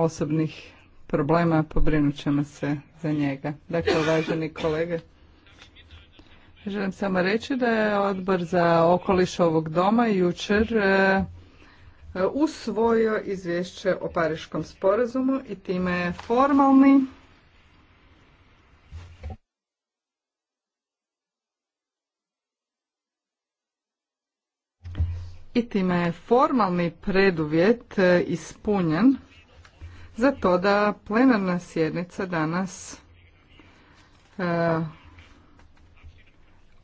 osobnih problema, pobrinut ćemo se za njega. Dakle, uvaženi kolege, želim samo reći da je odbor za okoliš ovog doma jučer e, usvojio izvješće o Pariškom sporazumu i time je formalni i time je formalni preduvjet e, ispunjen za to da plenarna sjednica danas e,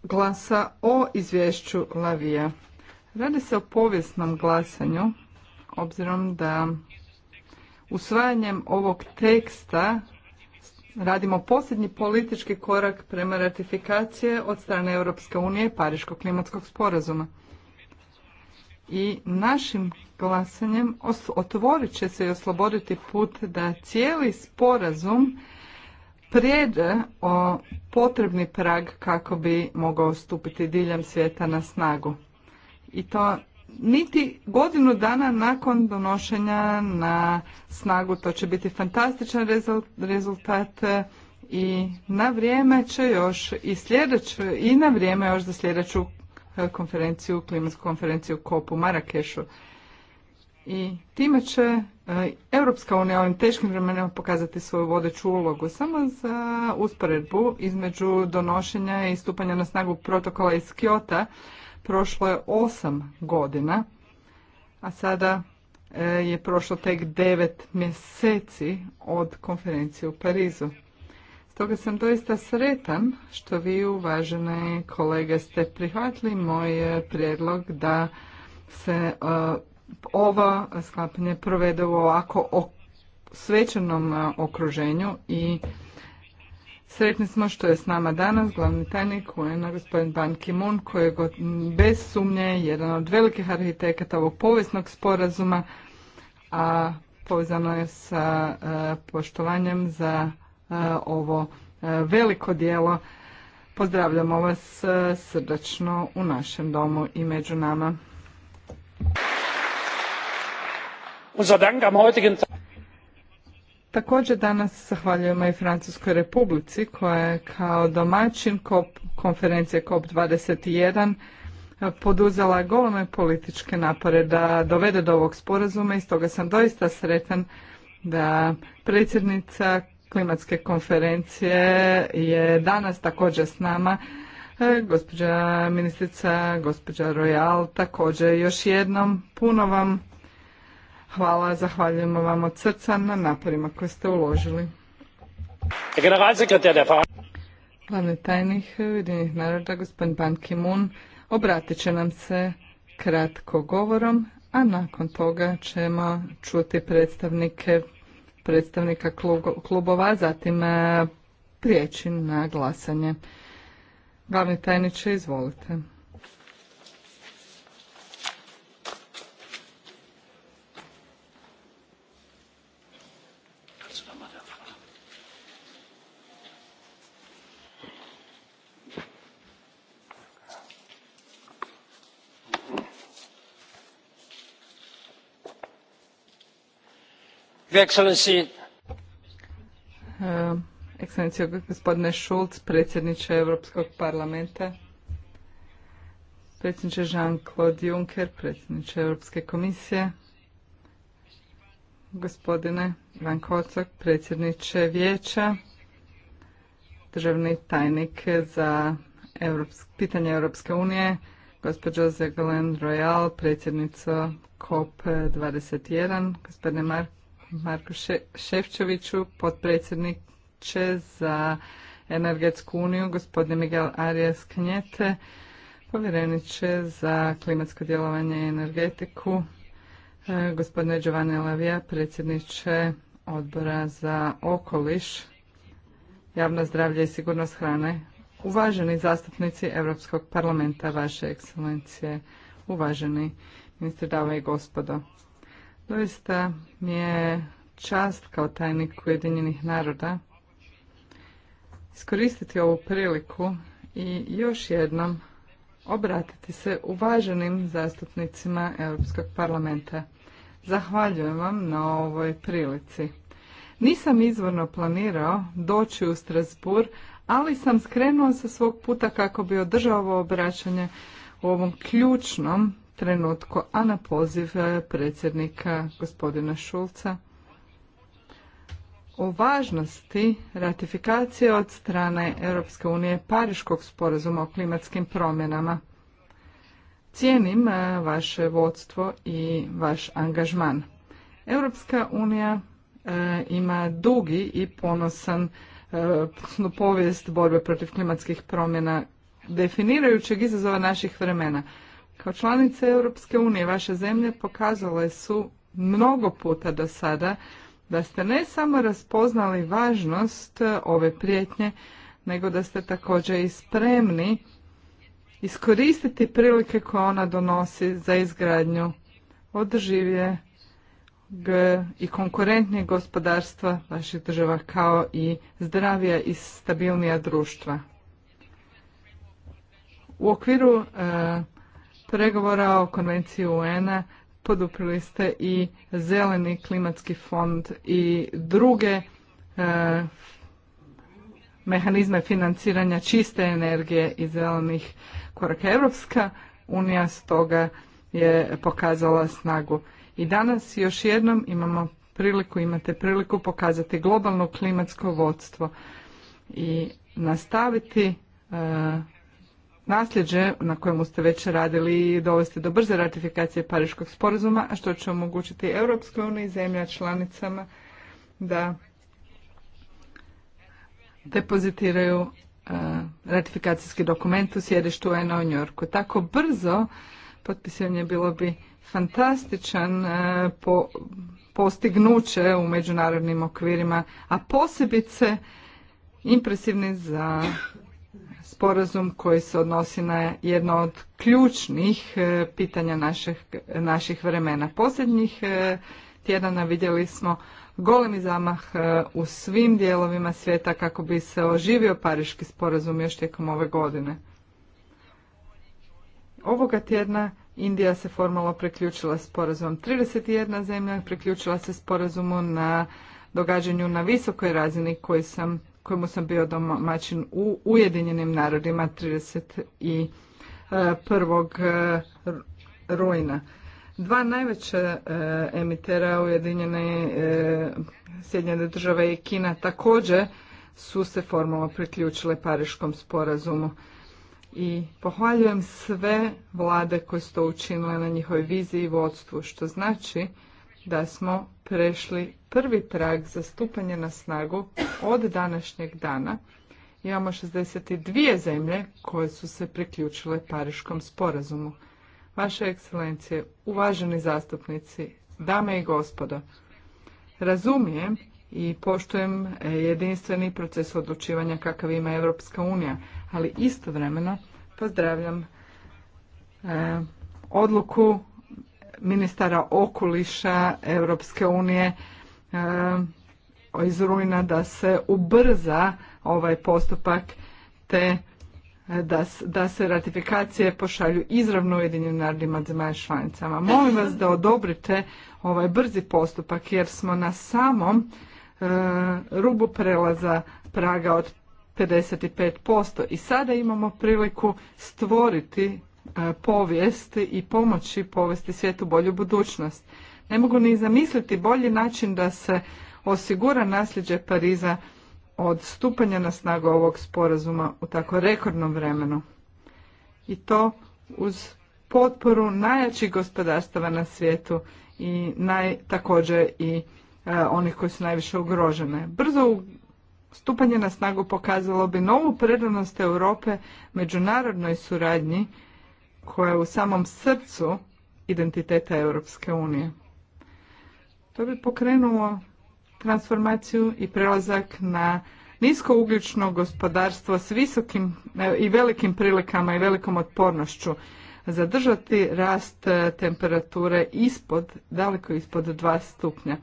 glasa o izvješću Lavija. Radi se o povijesnom glasanju, obzirom da usvajanjem ovog teksta radimo posljednji politički korak prema ratifikacije od strane Europske unije Pariškog klimatskog sporazuma i našim glasanjem otvorit će se i osloboditi put da cijeli sporazum prijede o potrebni prag kako bi mogao stupiti diljem svijeta na snagu. I to niti godinu dana nakon donošenja na snagu. To će biti fantastičan rezultat e, i na vrijeme će još i sljedeću i na vrijeme još za sljedeću konferenciju, klimatsku konferenciju COP u Marakešu. I time će e, Europska unija ovim teškim vremenima pokazati svoju vodeću ulogu samo za usporedbu između donošenja i stupanja na snagu protokola iz Kiota prošlo je osam godina, a sada e, je prošlo tek devet mjeseci od konferencije u Parizu. Toga sam doista sretan što vi uvažene kolege ste prihvatili moj e, prijedlog da se e, ovo sklapanje provede u ovako svečanom e, okruženju i Sretni smo što je s nama danas glavni tajnik un gospodin Ban Ki-moon koji je bez sumnje jedan od velikih arhitekata ovog povijesnog sporazuma, a povezano je sa poštovanjem za E, ovo e, veliko dijelo. Pozdravljamo vas e, srdačno u našem domu i među nama. Također danas zahvaljujemo i Francuskoj Republici koja je kao domaćin konferencije COP21 poduzela golome političke napore da dovede do ovog sporazuma i stoga sam doista sretan da predsjednica klimatske konferencije je danas također s nama. E, gospođa ministrica, gospođa Royal, također još jednom puno vam hvala, zahvaljujemo vam od srca na naporima koje ste uložili. Glavni tajnih Ujedinjenih naroda, gospodin Ban Ki-moon, obratit će nam se kratko govorom, a nakon toga ćemo čuti predstavnike predstavnika klubova, zatim e, prijeći na glasanje. Glavni tajniče, izvolite. Eh, Excellency. gospodine Šulc, predsjedniče Europskog parlamenta, predsjedniče Jean-Claude Juncker, predsjedniče Europske komisije, gospodine Ivan Kocok, predsjedniče vijeća, državni tajnik za pitanje Europske unije, gospođo Zegolen Royal, predsjednica COP21, gospodine Mark, Marku Ševčeviću, potpredsjedniče za energetsku uniju, gospodine Miguel Arias Knjete, povjereniče za klimatsko djelovanje i energetiku, e, gospodine Giovanni Lavija, predsjedniče odbora za okoliš, javno zdravlje i sigurnost hrane, uvaženi zastupnici Europskog parlamenta, vaše ekscelencije, uvaženi ministri dame i gospodo. Doista mi je čast kao tajnik Ujedinjenih naroda iskoristiti ovu priliku i još jednom obratiti se uvaženim zastupnicima Europskog parlamenta. Zahvaljujem vam na ovoj prilici. Nisam izvorno planirao doći u Strasbur, ali sam skrenuo sa svog puta kako bi održao ovo obraćanje u ovom ključnom trenutku, a na poziv e, predsjednika gospodina Šulca o važnosti ratifikacije od strane Europske unije Pariškog sporazuma o klimatskim promjenama. Cijenim e, vaše vodstvo i vaš angažman. Europska unija e, ima dugi i ponosan povijest borbe protiv klimatskih promjena definirajućeg izazova naših vremena. Kao članice Europske unije vaše zemlje pokazale su mnogo puta do sada da ste ne samo raspoznali važnost e, ove prijetnje, nego da ste također i spremni iskoristiti prilike koje ona donosi za izgradnju održivije i konkurentnije gospodarstva vaših država kao i zdravija i stabilnija društva. U okviru e, pregovora o konvenciji UN-a poduprili ste i zeleni klimatski fond i druge e, mehanizme financiranja čiste energije i zelenih koraka. Evropska unija stoga je pokazala snagu. I danas još jednom imamo priliku, imate priliku pokazati globalno klimatsko vodstvo i nastaviti e, nasljeđe na kojemu ste već radili i dovesti do brze ratifikacije Pariškog sporazuma, a što će omogućiti Europskoj uniji i zemlja članicama da depozitiraju e, ratifikacijski dokument u sjedištu UN-a u Njorku. Tako brzo potpisivanje bilo bi fantastičan e, postignuće u međunarodnim okvirima, a posebice impresivni za sporazum koji se odnosi na jedno od ključnih e, pitanja naših, naših vremena. Posljednjih e, tjedana vidjeli smo golemi zamah e, u svim dijelovima svijeta kako bi se oživio Pariški sporazum još tijekom ove godine. Ovoga tjedna Indija se formalno priključila sporazumom. 31 zemlja priključila se sporazumu na događanju na visokoj razini koji sam kojemu sam bio domaćin u Ujedinjenim narodima 31. E, rujna. Dva najveća e, emitera Ujedinjene e, Sjedinjene države i Kina također su se formalno priključile Pariškom sporazumu. I pohvaljujem sve vlade koje su to učinile na njihovoj viziji i vodstvu, što znači da smo prešli prvi prag za stupanje na snagu od današnjeg dana imamo 62 zemlje koje su se priključile Pariškom sporazumu. Vaše ekscelencije, uvaženi zastupnici, dame i gospodo, razumijem i poštujem jedinstveni proces odlučivanja kakav ima Europska unija, ali istovremeno pozdravljam e, odluku ministara okoliša Europske unije E, iz rujna da se ubrza ovaj postupak te e, da, se ratifikacije pošalju izravno Ujedinjenim narodima zemalja članicama. Molim vas da odobrite ovaj brzi postupak jer smo na samom e, rubu prelaza praga od 55% i sada imamo priliku stvoriti povijesti povijest i pomoći povesti svijetu bolju budućnost. Ne mogu ni zamisliti bolji način da se osigura nasljeđe Pariza od stupanja na snagu ovog sporazuma u tako rekordnom vremenu. I to uz potporu najjačih gospodarstava na svijetu i naj, također i e, onih koji su najviše ugrožene. Brzo stupanje na snagu pokazalo bi novu predanost Europe međunarodnoj suradnji koja je u samom srcu identiteta Europske unije. To bi pokrenulo transformaciju i prelazak na ugljično gospodarstvo s visokim e, i velikim prilikama i velikom otpornošću zadržati rast e, temperature ispod, daleko ispod 2 stupnja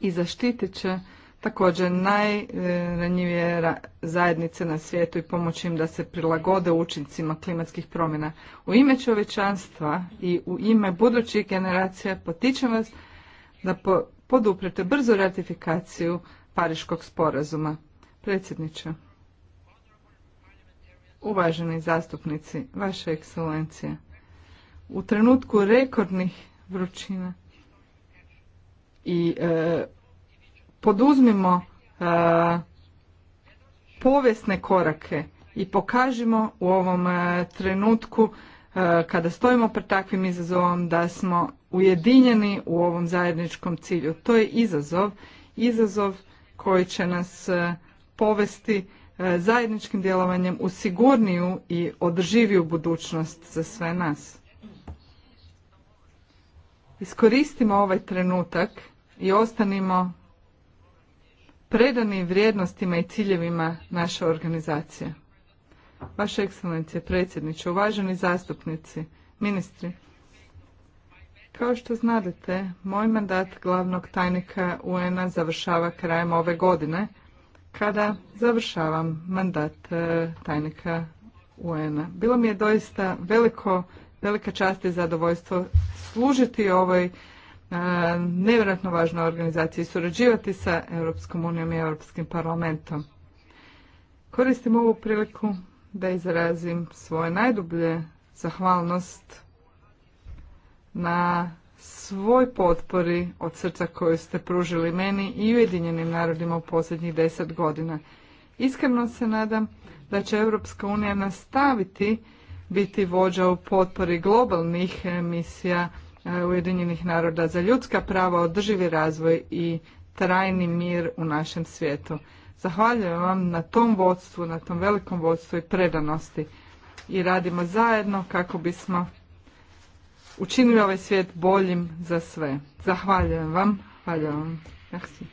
i zaštitit će također najranjivije zajednice na svijetu i pomoći im da se prilagode učincima klimatskih promjena. U ime čovječanstva i u ime budućih generacija potičem vas da poduprete brzu ratifikaciju Pariškog sporazuma. Predsjedniče, uvaženi zastupnici, vaše ekscelencije, u trenutku rekordnih vrućina i e, poduzmimo e, povijesne korake i pokažimo u ovom e, trenutku E, kada stojimo pred takvim izazovom da smo ujedinjeni u ovom zajedničkom cilju. To je izazov, izazov koji će nas e, povesti e, zajedničkim djelovanjem u sigurniju i održiviju budućnost za sve nas. Iskoristimo ovaj trenutak i ostanimo predani vrijednostima i ciljevima naše organizacije. Vaše ekscelencije, predsjedniče, uvaženi zastupnici, ministri. Kao što znadete, moj mandat glavnog tajnika UN-a završava krajem ove godine, kada završavam mandat e, tajnika UN-a. Bilo mi je doista veliko, velika čast i zadovoljstvo služiti ovoj e, nevjerojatno važnoj organizaciji i surađivati sa Europskom unijom i Europskim parlamentom. Koristim ovu priliku da izrazim svoje najdublje zahvalnost na svoj potpori od srca koju ste pružili meni i Ujedinjenim narodima u posljednjih deset godina. Iskreno se nadam da će Europska unija nastaviti biti vođa u potpori globalnih misija e, Ujedinjenih naroda za ljudska prava, održivi razvoj i trajni mir u našem svijetu. Zahvaljujem vam na tom vodstvu, na tom velikom vodstvu i predanosti i radimo zajedno kako bismo učinili ovaj svijet boljim za sve. Zahvaljujem vam. Hvala vam. Merci.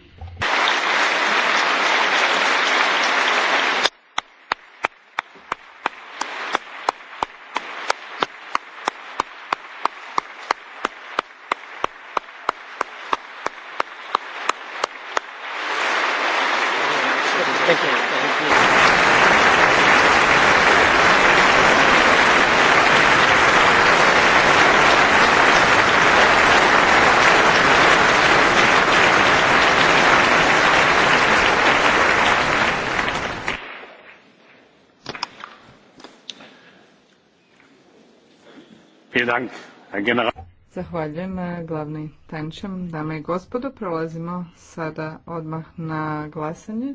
Zahvaljujem eh, glavni tajniče, dame i gospodo. Prolazimo sada odmah na glasanje.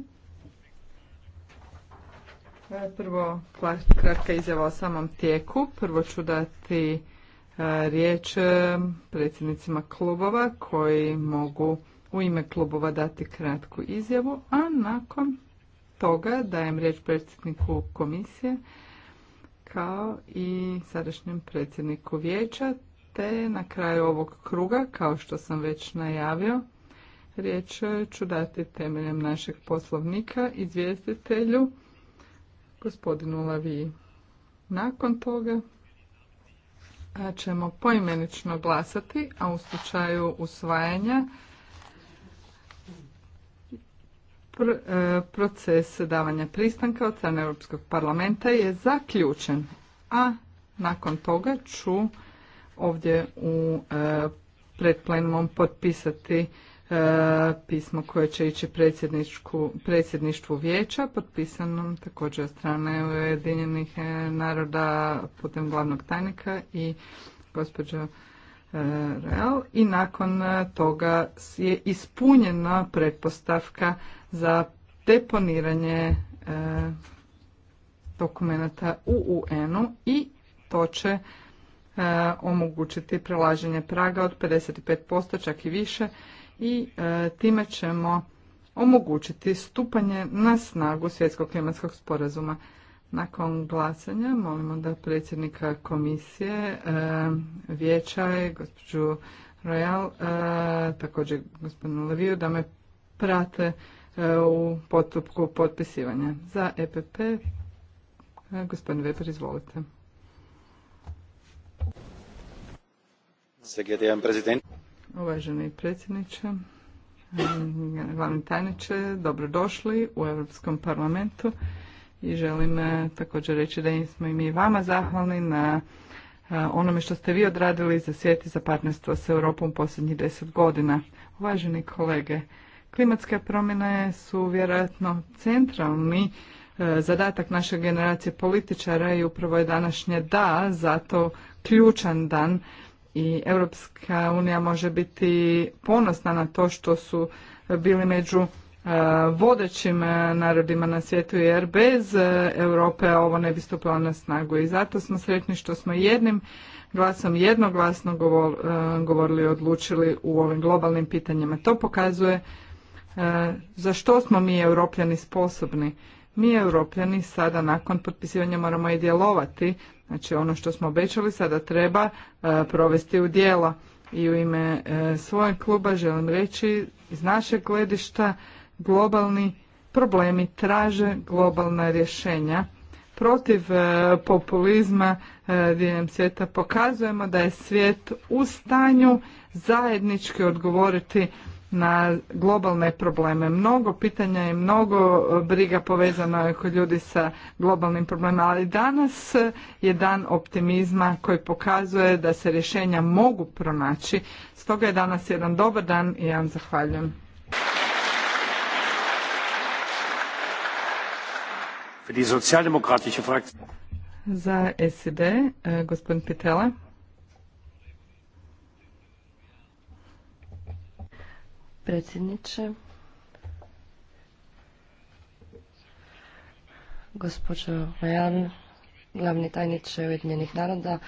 Eh, prvo kratka izjava o samom tijeku. Prvo ću dati eh, riječ predsjednicima klubova koji mogu u ime klubova dati kratku izjavu, a nakon toga dajem riječ predsjedniku komisije kao i sadašnjem predsjedniku vijeća, te na kraju ovog kruga, kao što sam već najavio, riječ ću dati temeljem našeg poslovnika izvjestitelju, gospodinu Lavi. Nakon toga ćemo poimenično glasati, a u slučaju usvajanja E, proces davanja pristanka od strane Europskog parlamenta je zaključen, a nakon toga ću ovdje u e, pred potpisati e, pismo koje će ići predsjedništvu vijeća, potpisanom također od strane Ujedinjenih naroda putem glavnog tajnika i gospođa real i nakon e, toga je ispunjena pretpostavka za deponiranje e, dokumenata u UN-u i to će e, omogućiti prelaženje praga od 55% čak i više i time ćemo omogućiti stupanje na snagu svjetskog klimatskog sporazuma. Nakon glasanja molimo da predsjednika komisije e, vijeća je gospođu Royal, e, također gospodinu Leviju, da me prate e, u postupku potpisivanja. Za EPP, gospodin Weber, izvolite. Uvaženi predsjedniče, glavni tajniče, dobrodošli u Europskom parlamentu i želim e, također reći da smo i mi vama zahvalni na e, onome što ste vi odradili za svijet i za partnerstvo s Europom posljednjih deset godina. Uvaženi kolege, klimatske promjene su vjerojatno centralni e, zadatak naše generacije političara i upravo je današnje da, zato ključan dan i Europska unija može biti ponosna na to što su bili među Eh, vodećim eh, narodima na svijetu jer bez eh, Europe ovo ne bi stupilo na snagu i zato smo sretni što smo jednim glasom jednoglasno govorili i odlučili u ovim globalnim pitanjima. To pokazuje za što smo mi europljani sposobni. Mi europljani sada nakon potpisivanja moramo i djelovati, znači ono što smo obećali sada treba provesti u djela. I u ime svojeg kluba želim reći iz našeg gledišta globalni problemi traže globalna rješenja. Protiv e, populizma e, diljem svijeta pokazujemo da je svijet u stanju zajednički odgovoriti na globalne probleme. Mnogo pitanja i mnogo e, briga povezano je kod ljudi sa globalnim problemima, ali danas je dan optimizma koji pokazuje da se rješenja mogu pronaći. Stoga je danas jedan dobar dan i ja vam zahvaljujem. Za SID, eh, gospodin Pitela. Predsjedniče, gospođo Majan, glavni tajniče Ujedinjenih naroda,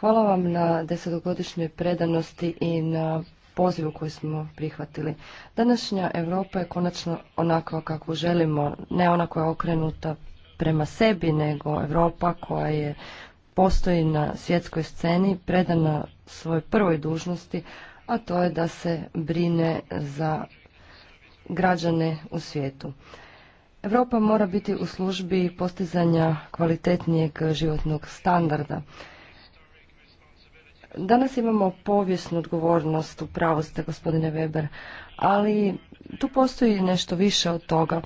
hvala vam na desetogodišnjoj predanosti i na pozivu koji smo prihvatili. Današnja Europa je konačno onako kako želimo, ne ona koja je okrenuta prema sebi, nego Europa koja je postoji na svjetskoj sceni, predana svojoj prvoj dužnosti, a to je da se brine za građane u svijetu. Europa mora biti u službi postizanja kvalitetnijeg životnog standarda. Danas imamo povijesnu odgovornost, u pravu gospodine Weber, ali tu postoji nešto više od toga.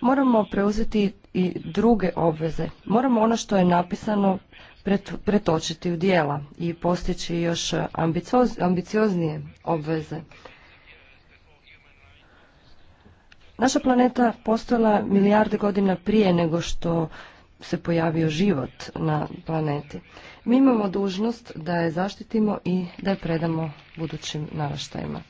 Moramo preuzeti i druge obveze. Moramo ono što je napisano pretočiti u dijela i postići još ambicioznije obveze. Naša planeta postojala milijarde godina prije nego što se pojavio život na planeti. Mi imamo dužnost da je zaštitimo i da je predamo budućim naraštajima.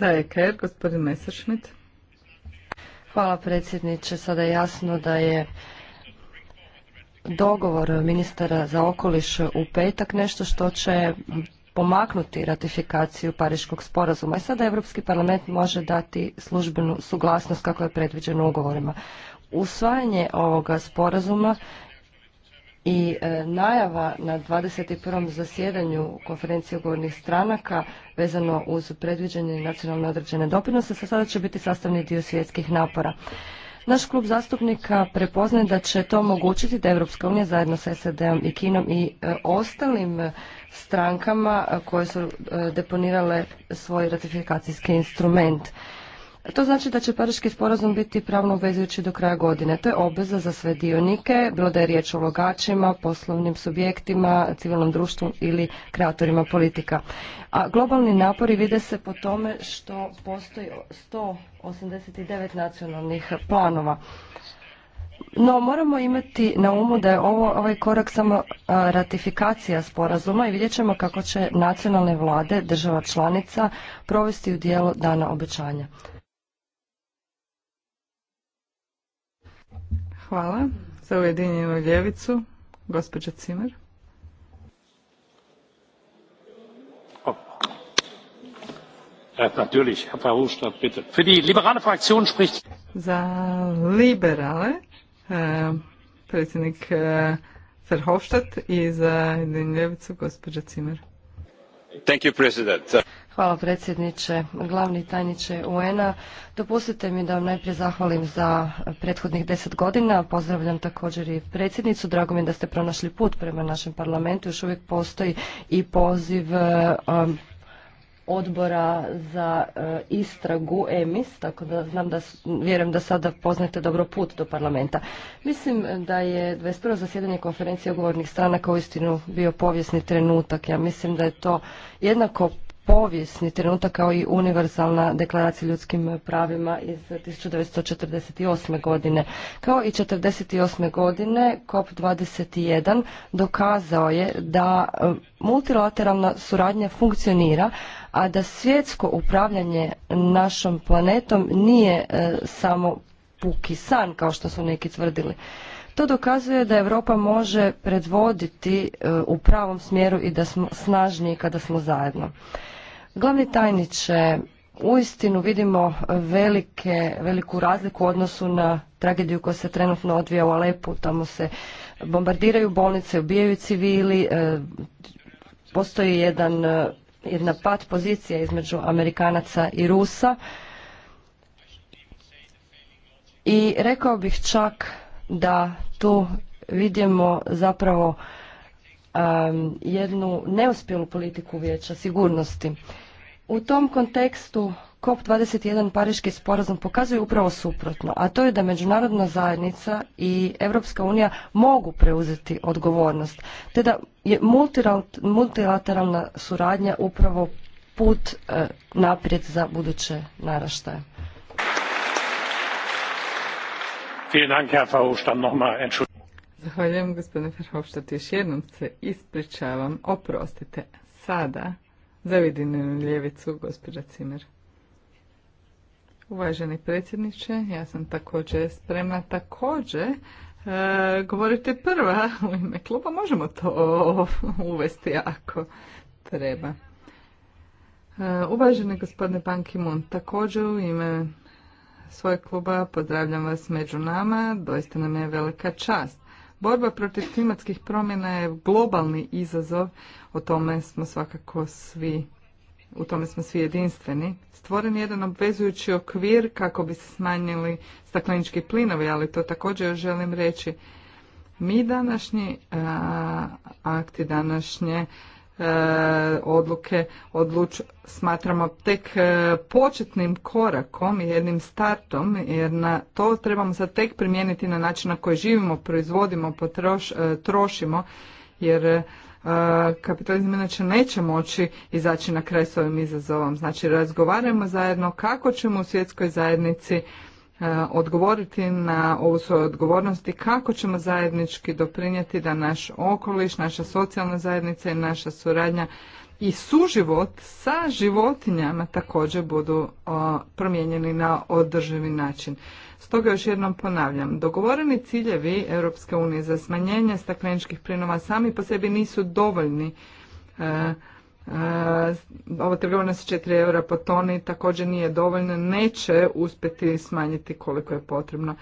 E e gospodin Hvala predsjedniče. Sada je jasno da je dogovor ministara za okoliš u petak nešto što će pomaknuti ratifikaciju Pariškog sporazuma i sada Europski parlament može dati službenu suglasnost kako je predviđeno ugovorima. Usvajanje ovoga sporazuma i e, najava na 21. zasjedanju konferencije ugovornih stranaka vezano uz predviđanje nacionalne određene doprinose sa sada će biti sastavni dio svjetskih napora. Naš klub zastupnika prepoznaje da će to omogućiti da Evropska unija zajedno sa SAD-om i Kinom i e, ostalim strankama koje su e, deponirale svoj ratifikacijski instrument. To znači da će Pariški sporazum biti pravno obvezujući do kraja godine. To je obveza za sve dionike, bilo da je riječ o ulagačima, poslovnim subjektima, civilnom društvu ili kreatorima politika. A globalni napori vide se po tome što postoji 189 nacionalnih planova. No, moramo imati na umu da je ovo, ovaj korak samo ratifikacija sporazuma i vidjet ćemo kako će nacionalne vlade država članica provesti u dijelu dana obećanja. Hvala. Za ujedinjenu ljevicu, gospođa Cimer. Za liberale E, predsjednik e, Verhofstadt i za ljevicu gospođa Cimer. Hvala predsjedniče, glavni tajniče UN-a. Dopustite mi da vam najprije zahvalim za prethodnih deset godina. Pozdravljam također i predsjednicu. Drago mi je da ste pronašli put prema našem parlamentu. Još uvijek postoji i poziv e, odbora za e, istragu EMIS, tako da znam da vjerujem da sada poznate dobro put do parlamenta. Mislim da je 21. zasjedanje konferencije ugovornih stranaka uistinu bio povijesni trenutak. Ja mislim da je to jednako povijesni trenutak kao i univerzalna deklaracija ljudskim pravima iz 1948. godine. Kao i 1948. godine COP21 dokazao je da e, multilateralna suradnja funkcionira, a da svjetsko upravljanje našom planetom nije e, samo puki san kao što su neki tvrdili. To dokazuje da Europa može predvoditi e, u pravom smjeru i da smo snažniji kada smo zajedno. Glavni tajniče, uistinu vidimo velike, veliku razliku u odnosu na tragediju koja se trenutno odvija u Alepu, tamo se bombardiraju bolnice, ubijaju civili, e, postoji jedan jedna pat pozicija između Amerikanaca i Rusa i rekao bih čak da tu vidimo zapravo jednu neuspjelu politiku vijeća sigurnosti. U tom kontekstu COP21 Pariški sporazum pokazuje upravo suprotno, a to je da međunarodna zajednica i Europska unija mogu preuzeti odgovornost, te da je multilateralna suradnja upravo put e, naprijed za buduće naraštaje. Zahvaljujem gospodine Verhofstadt, još jednom se ispričavam, oprostite, sada za ljevicu gospođa Cimer. Uvaženi predsjedniče, ja sam također spremna također e, govoriti govorite prva u ime kluba, možemo to uvesti ako treba. E, uvaženi gospodine ki Mun, također u ime svojeg kluba pozdravljam vas među nama, doista nam je velika čast. Borba protiv klimatskih promjena je globalni izazov, o tome smo svakako svi u tome smo svi jedinstveni, stvoren je jedan obvezujući okvir kako bi se smanjili staklenički plinovi, ali to također želim reći. Mi današnji a, akti, današnje e, odluke odluč, smatramo tek e, početnim korakom i jednim startom, jer na to trebamo sad tek primijeniti na način na koji živimo, proizvodimo, potroš, e, trošimo, jer kapitalizam inače neće moći izaći na kraj s ovim izazovom. Znači razgovarajmo zajedno kako ćemo u svjetskoj zajednici odgovoriti na ovu svoju odgovornost i kako ćemo zajednički doprinijeti da naš okoliš, naša socijalna zajednica i naša suradnja i suživot sa životinjama također budu promijenjeni na održivi način. Stoga još jednom ponavljam, dogovoreni ciljevi Europske unije za smanjenje stakleničkih plinova sami po sebi nisu dovoljni. E, e, Ovo trgovina sa 4 eura po toni također nije dovoljno, neće uspjeti smanjiti koliko je potrebno.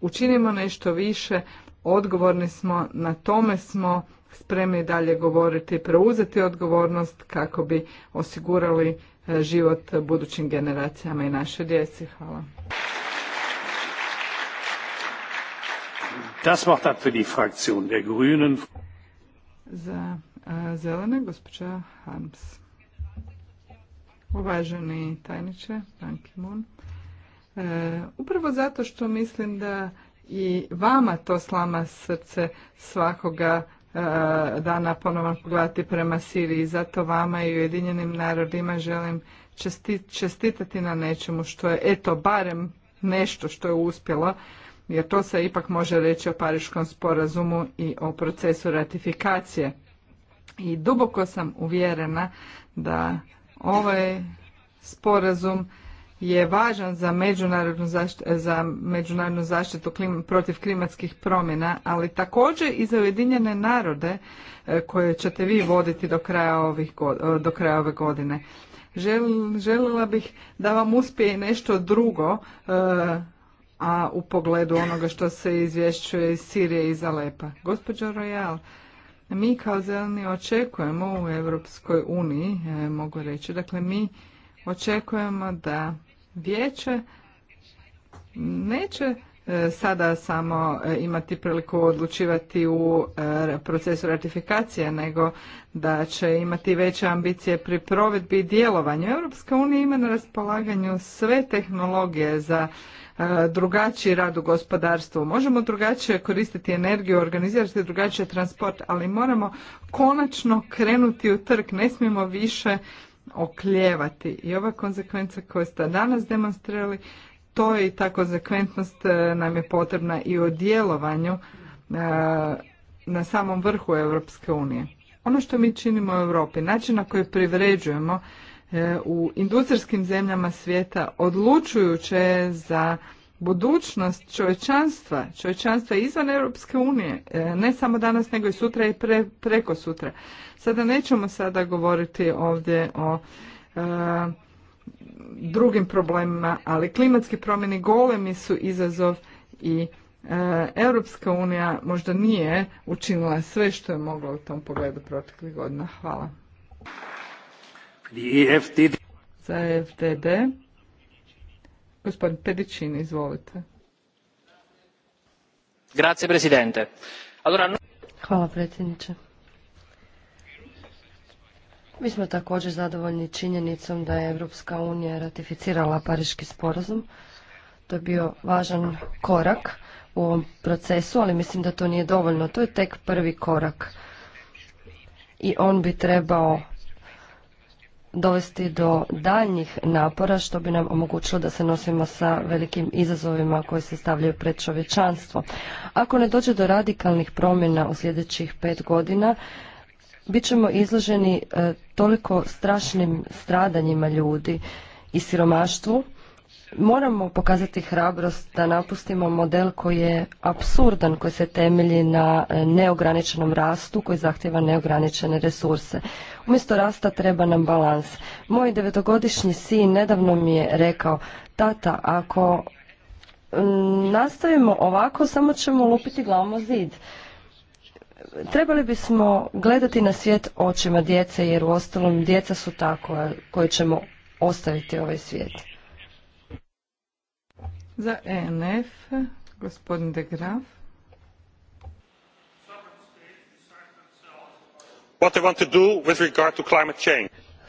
Učinimo nešto više, odgovorni smo, na tome smo spremni dalje govoriti i preuzeti odgovornost kako bi osigurali e, život budućim generacijama i našoj djeci. Hvala. Das macht für die Fraktion der Grünen. Za e, zelene, gospođa Harms. Uvaženi tajniče, Ban e, upravo zato što mislim da i vama to slama srce svakoga Eh, dana ponovno pogledati prema Siriji. Zato vama i Ujedinjenim narodima želim čestitati na nečemu što je, eto, barem nešto što je uspjelo, jer to se ipak može reći o Pariškom sporazumu i o procesu ratifikacije. I duboko sam uvjerena da ovaj sporazum je važan za međunarodnu zaštitu, za međunarodnu zaštitu protiv klimatskih promjena, ali također i za Ujedinjene narode e, koje ćete vi voditi do kraja, ovih, e, do kraja ove godine. Žel, željela bih da vam uspije nešto drugo, e, a u pogledu onoga što se izvješćuje iz Sirije i Zalepa. Gospođo Royal, mi kao zeleni očekujemo u Europskoj uniji, mogu reći, dakle mi očekujemo da vijeće neće e, sada samo e, imati priliku odlučivati u e, procesu ratifikacije, nego da će imati veće ambicije pri provedbi i djelovanju. Europska unija ima na raspolaganju sve tehnologije za drugačiji rad u gospodarstvu. Možemo drugačije koristiti energiju, organizirati drugačiji transport, ali moramo konačno krenuti u trg. Ne smijemo više okljevati. I ova konsekvenca koju ste danas demonstrirali, to je i ta konsekventnost e, nam je potrebna i o djelovanju e, na samom vrhu Europske unije. Ono što mi činimo u Europi, način na koji privređujemo e, u industrijskim zemljama svijeta odlučujuće za budućnost čovječanstva, čovječanstva izvan Europske unije, e, ne samo danas nego i sutra i preko sutra. Sada nećemo sada govoriti ovdje o e, drugim problemima, ali klimatski promjeni golemi su izazov i e, Europska unija možda nije učinila sve što je mogla u tom pogledu proteklih godina. Hvala. E Za FTD Gospodin Pedicini, izvolite. Grazie, presidente. Hvala, predsjedniče. Mi smo također zadovoljni činjenicom da je Evropska unija ratificirala Pariški sporazum. To je bio važan korak u ovom procesu, ali mislim da to nije dovoljno. To je tek prvi korak i on bi trebao dovesti do daljnjih napora što bi nam omogućilo da se nosimo sa velikim izazovima koji se stavljaju pred čovječanstvo. Ako ne dođe do radikalnih promjena u sljedećih pet godina, bit ćemo izloženi e, toliko strašnim stradanjima ljudi i siromaštvu, moramo pokazati hrabrost da napustimo model koji je apsurdan, koji se temelji na e, neograničenom rastu, koji zahtjeva neograničene resurse. Umjesto rasta treba nam balans. Moj devetogodišnji sin nedavno mi je rekao, tata, ako mm, nastavimo ovako, samo ćemo lupiti glavom o zid. Trebali bismo gledati na svijet očima djece, jer u ostalom djeca su tako koje ćemo ostaviti ovaj svijet. Za ENF, gospodin de what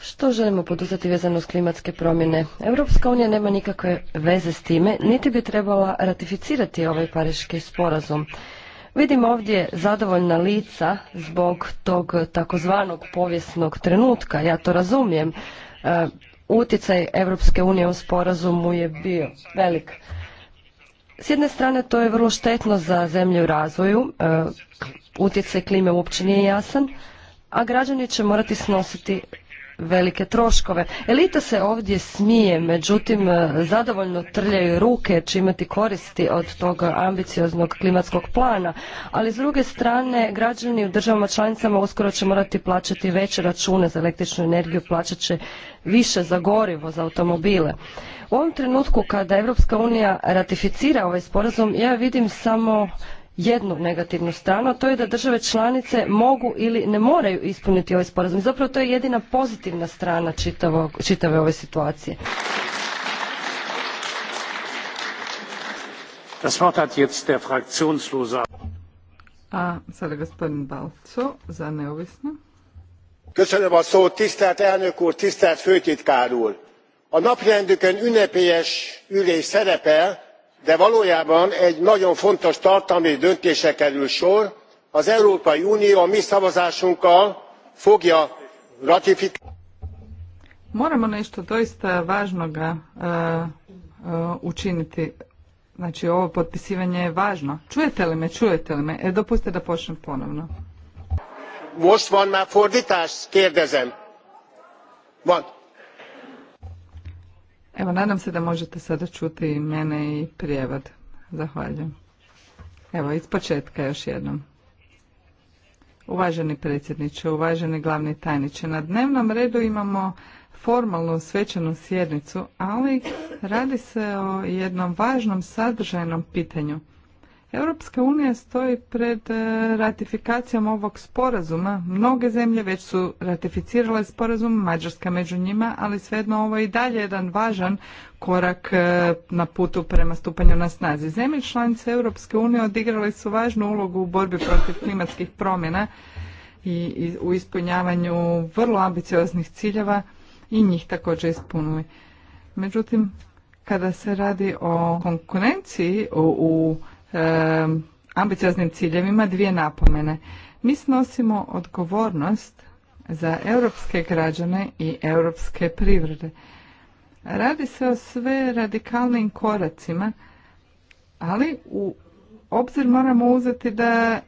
Što želimo poduzeti vezano s klimatske promjene? Europska unija nema nikakve veze s time, niti bi trebala ratificirati ovaj pariški sporazum. Vidim ovdje zadovoljna lica zbog tog takozvanog povijesnog trenutka, ja to razumijem. E, utjecaj Europske unije u sporazumu je bio velik. S jedne strane to je vrlo štetno za zemlje u razvoju, e, utjecaj klime uopće nije jasan, a građani će morati snositi velike troškove. Elita se ovdje smije, međutim e, zadovoljno trljaju ruke će imati koristi od tog ambicioznog klimatskog plana, ali s druge strane građani u državama članicama uskoro će morati plaćati veće račune za električnu energiju, plaćat će više za gorivo za automobile. U ovom trenutku kada Europska unija ratificira ovaj sporazum, ja vidim samo jednu negativnu stranu, a to je da države članice mogu ili ne moraju ispuniti ovaj sporazum. Zapravo to je jedina pozitivna strana čitavog, čitave ove situacije. Das Wort hat jetzt der Fraktionsloser. A sada gospodin Balco za neovisno. Köszönöm a szót, tisztelt elnök úr, tisztelt főtitkár úr! A napirendükön ünnepélyes ülés szerepel, de valójában egy nagyon fontos tartalmi döntésre kerül sor az európai unió a mi szavazásunkkal fogja ratifikálni. moramo nešto doista važnoga uh, uh, učiniti znači ovo potpisivanje je važno čujete li me čujete li me e dopustite da počnem ponovno most van már fordítás, kérdezem van Evo, nadam se da možete sada čuti i mene i prijevod. Zahvaljujem. Evo, iz početka još jednom. Uvaženi predsjedniče, uvaženi glavni tajniče, na dnevnom redu imamo formalnu svečanu sjednicu, ali radi se o jednom važnom sadržajnom pitanju – Europska unija stoji pred e, ratifikacijom ovog sporazuma. Mnoge zemlje već su ratificirale sporazum, Mađarska među njima, ali svejedno ovo je i dalje jedan važan korak e, na putu prema stupanju na snazi. Zemlje članice Europske unije odigrale su važnu ulogu u borbi protiv klimatskih promjena i u ispunjavanju vrlo ambicioznih ciljeva i njih također ispunili. Međutim, kada se radi o konkurenciji u ambicioznim ciljevima dvije napomene. Mi snosimo odgovornost za europske građane i europske privrede. Radi se o sve radikalnim koracima, ali u obzir moramo uzeti da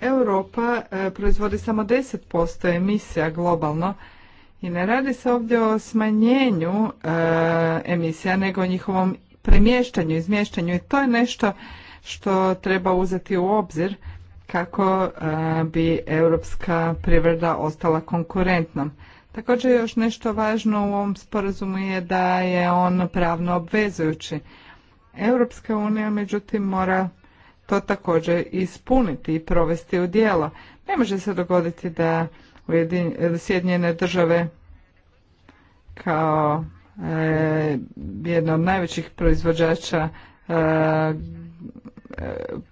Europa e, proizvodi samo 10% emisija globalno i ne radi se ovdje o smanjenju e, emisija nego o njihovom premještanju, izmještanju i to je nešto što treba uzeti u obzir kako e, bi europska privreda ostala konkurentnom. Također još nešto važno u ovom sporazumu je da je on pravno obvezujući. Europska unija međutim mora to također ispuniti i provesti u djelo. Ne može se dogoditi da Sjedinjene države kao e, jedna od najvećih proizvođača e,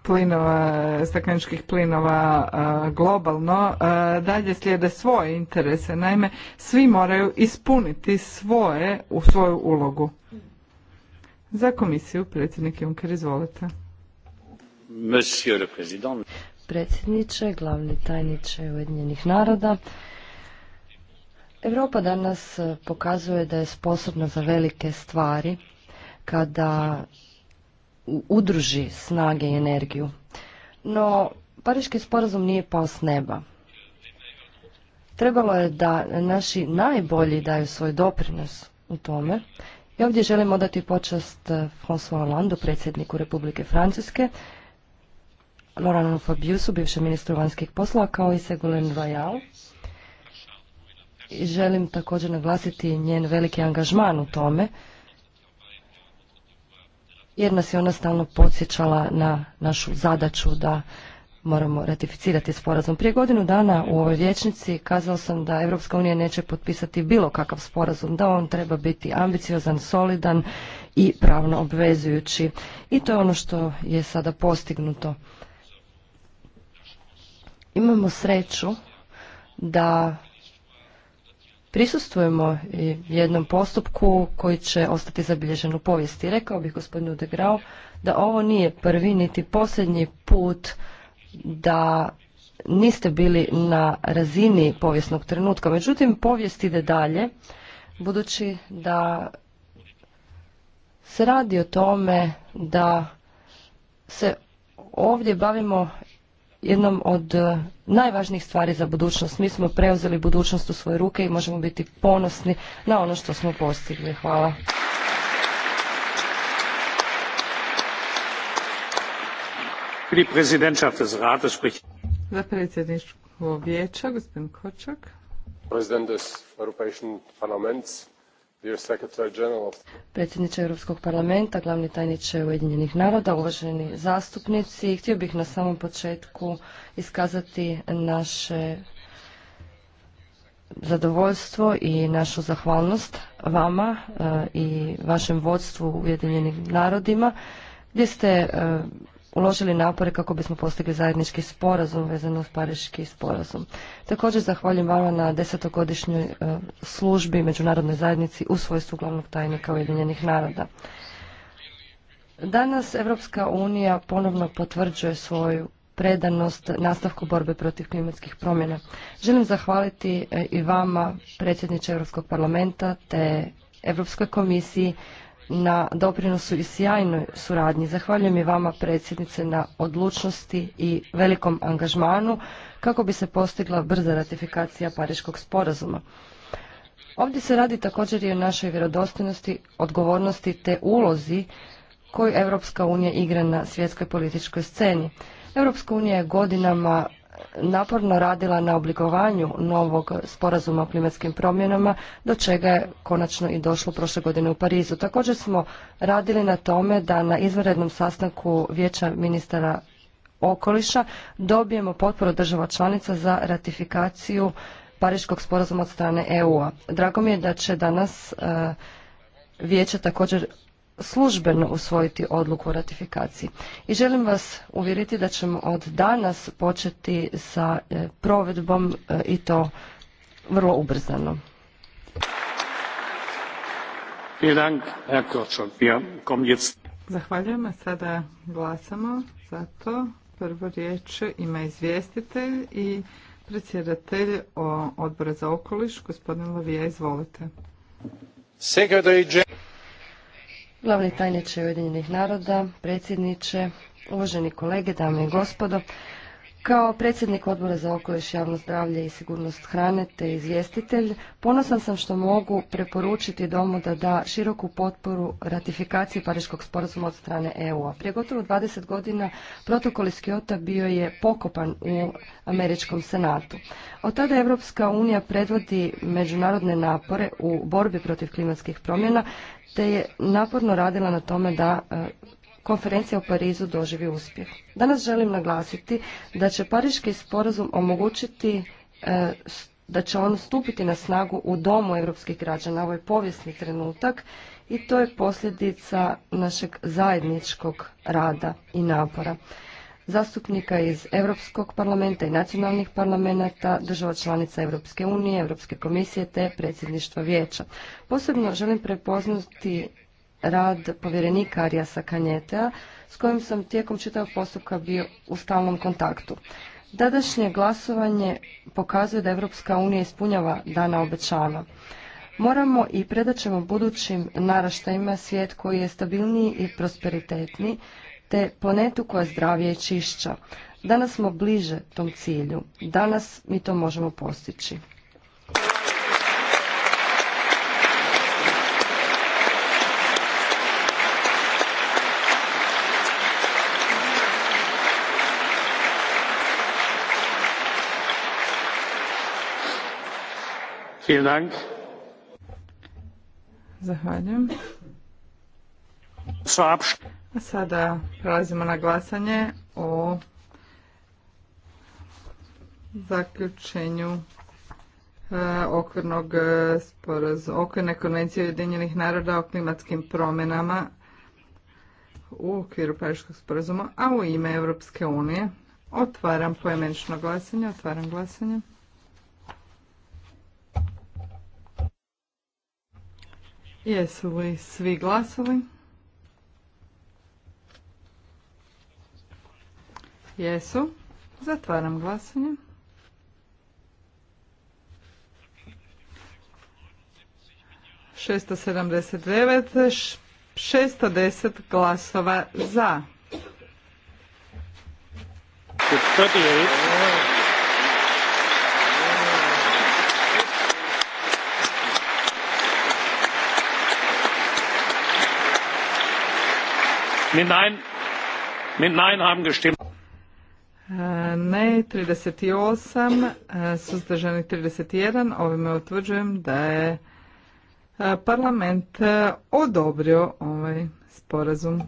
plinova, stakleničkih plinova e, globalno, e, dalje slijede svoje interese. Naime, svi moraju ispuniti svoje u svoju ulogu. Za komisiju predsjednik Juncker, izvolite. Predsjedniče, glavni tajniče Ujedinjenih naroda, Europa danas pokazuje da je sposobna za velike stvari kada udruži snage i energiju. No, Pariški sporazum nije pao s neba. Trebalo je da naši najbolji daju svoj doprinos u tome. I ovdje želim odati počast eh, François Hollande, predsjedniku Republike Francuske, Laurent Fabiusu, bivšem ministru vanjskih poslova, kao i Segulen Royal. I želim također naglasiti njen veliki angažman u tome, jer nas je ona stalno podsjećala na našu zadaću da moramo ratificirati sporazum. Prije godinu dana u ovoj vječnici kazao sam da Evropska unija neće potpisati bilo kakav sporazum, da on treba biti ambiciozan, solidan i pravno obvezujući. I to je ono što je sada postignuto. Imamo sreću da prisustujemo jednom postupku koji će ostati zabilježen u povijesti. Rekao bih gospodinu de da ovo nije prvi niti posljednji put da niste bili na razini povijesnog trenutka. Međutim, povijest ide dalje, budući da se radi o tome da se ovdje bavimo jednom od e, najvažnijih stvari za budućnost. Mi smo preuzeli budućnost u svoje ruke i možemo biti ponosni na ono što smo postigli. Hvala. Za predsjedničku vijeća, gospodin Kočak. President des Europäischen Parlaments, Predsjedniče Europskog parlamenta, glavni tajniče Ujedinjenih naroda, uvaženi zastupnici, htio bih na samom početku iskazati naše zadovoljstvo i našu zahvalnost vama e, i vašem vodstvu u Ujedinjenim narodima gdje ste e, uložili napore kako bismo postigli zajednički sporazum vezano uz Pariški sporazum. Također zahvaljujem vama na desetogodišnjoj e, službi međunarodnoj zajednici u svojstvu glavnog tajnika Ujedinjenih naroda. Danas Evropska unija ponovno potvrđuje svoju predanost nastavku borbe protiv klimatskih promjena. Želim zahvaliti e, i vama, predsjedniče Europskog parlamenta, te Europskoj komisiji na doprinosu i sjajnoj suradnji. Zahvaljujem i vama predsjednice na odlučnosti i velikom angažmanu kako bi se postigla brza ratifikacija Pariškog sporazuma. Ovdje se radi također i o našoj vjerodostojnosti, odgovornosti te ulozi koju Europska unija igra na svjetskoj političkoj sceni. Europska unija je godinama naporno radila na oblikovanju novog sporazuma o klimatskim promjenama, do čega je konačno i došlo prošle godine u Parizu. Također smo radili na tome da na izvanrednom sastanku vijeća ministara okoliša dobijemo potporu država članica za ratifikaciju Pariškog sporazuma od strane EU-a. Drago mi je da će danas e, vijeće također službeno usvojiti odluku o ratifikaciji. I želim vas uvjeriti da ćemo od danas početi sa e, provedbom e, i to vrlo ubrzano. Zahvaljujem, a sada glasamo za to. Prvo riječ ima izvjestitelj i predsjedatelj Odbora za okoliš, gospodin Lavija, izvolite. Secretary Glavni tajniče Ujedinjenih naroda, predsjedniče, uvaženi kolege, dame i gospodo, kao predsjednik odbora za okoliš, javno zdravlje i sigurnost hrane te izvjestitelj, ponosan sam što mogu preporučiti domu da da široku potporu ratifikaciji Pariškog sporazuma od strane EU-a. Prije gotovo 20 godina protokol iz bio je pokopan u Američkom senatu. Od tada Evropska unija predvodi međunarodne napore u borbi protiv klimatskih promjena te je naporno radila na tome da e, konferencija u Parizu doživi uspjeh. Danas želim naglasiti da će Pariški sporazum omogućiti e, da će on stupiti na snagu u domu europskih građana. Ovo je povijesni trenutak i to je posljedica našeg zajedničkog rada i napora zastupnika iz Europskog parlamenta i nacionalnih parlamenta, država članica Europske unije, Europske komisije te predsjedništva vijeća. Posebno želim prepoznati rad povjerenika Arijasa Kanjetea s kojim sam tijekom čitavog postupka bio u stalnom kontaktu. Dadašnje glasovanje pokazuje da Europska unija ispunjava dana obećana. Moramo i predat ćemo budućim naraštajima svijet koji je stabilniji i prosperitetni, te planetu koja je i čišća. Danas smo bliže tom cilju. Danas mi to možemo postići. Zahvaljujem. sada prelazimo na glasanje o zaključenju e, okvirnog e, sporazuma, okvirne konvencije Ujedinjenih naroda o klimatskim promjenama u okviru Pariškog sporazuma, a u ime Europske unije. Otvaram pojemenično glasanje, otvaram glasanje. Jesu li svi glasali? Jesu. Zatvaram glasanje. Šesto sedamdeset devet, šesto deset glasova za. Mit Nein, haben gestimmt. Ne, 38, suzdržani 31. Ovime utvrđujem da je eh, parlament eh, odobrio ovaj sporazum.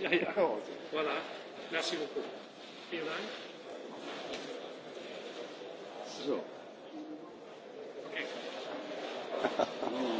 Ja, ja. Voilà. Merci beaucoup. Vielen Dank. So. Okay.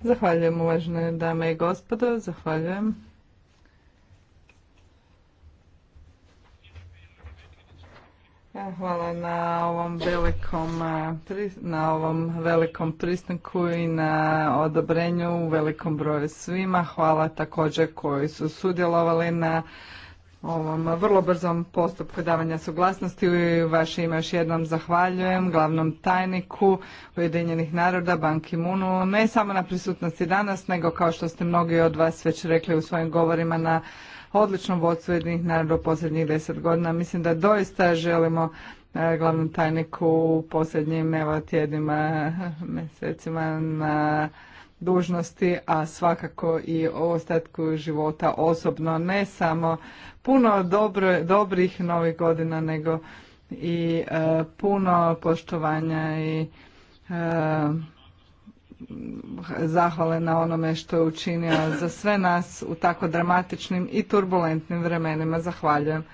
Zahvaljujem uvažene dame i gospodo, zahvaljujem. E, hvala na ovom velikom, e, na ovom velikom pristanku i na odobrenju u velikom broju svima. Hvala također koji su sudjelovali na ovom vrlo brzom postupku davanja suglasnosti. U vaše ime još jednom zahvaljujem glavnom tajniku Ujedinjenih naroda, Banki Munu. ne samo na prisutnosti danas, nego kao što ste mnogi od vas već rekli u svojim govorima na odličnom vodstvu Ujedinjenih naroda u posljednjih deset godina. Mislim da doista želimo e, glavnom tajniku u posljednjim tjednima, e, mjesecima na dužnosti, a svakako i o ostatku života osobno, ne samo puno dobrih novih godina, nego i e, puno poštovanja i e, zahvale na onome što je učinio za sve nas u tako dramatičnim i turbulentnim vremenima. Zahvaljujem.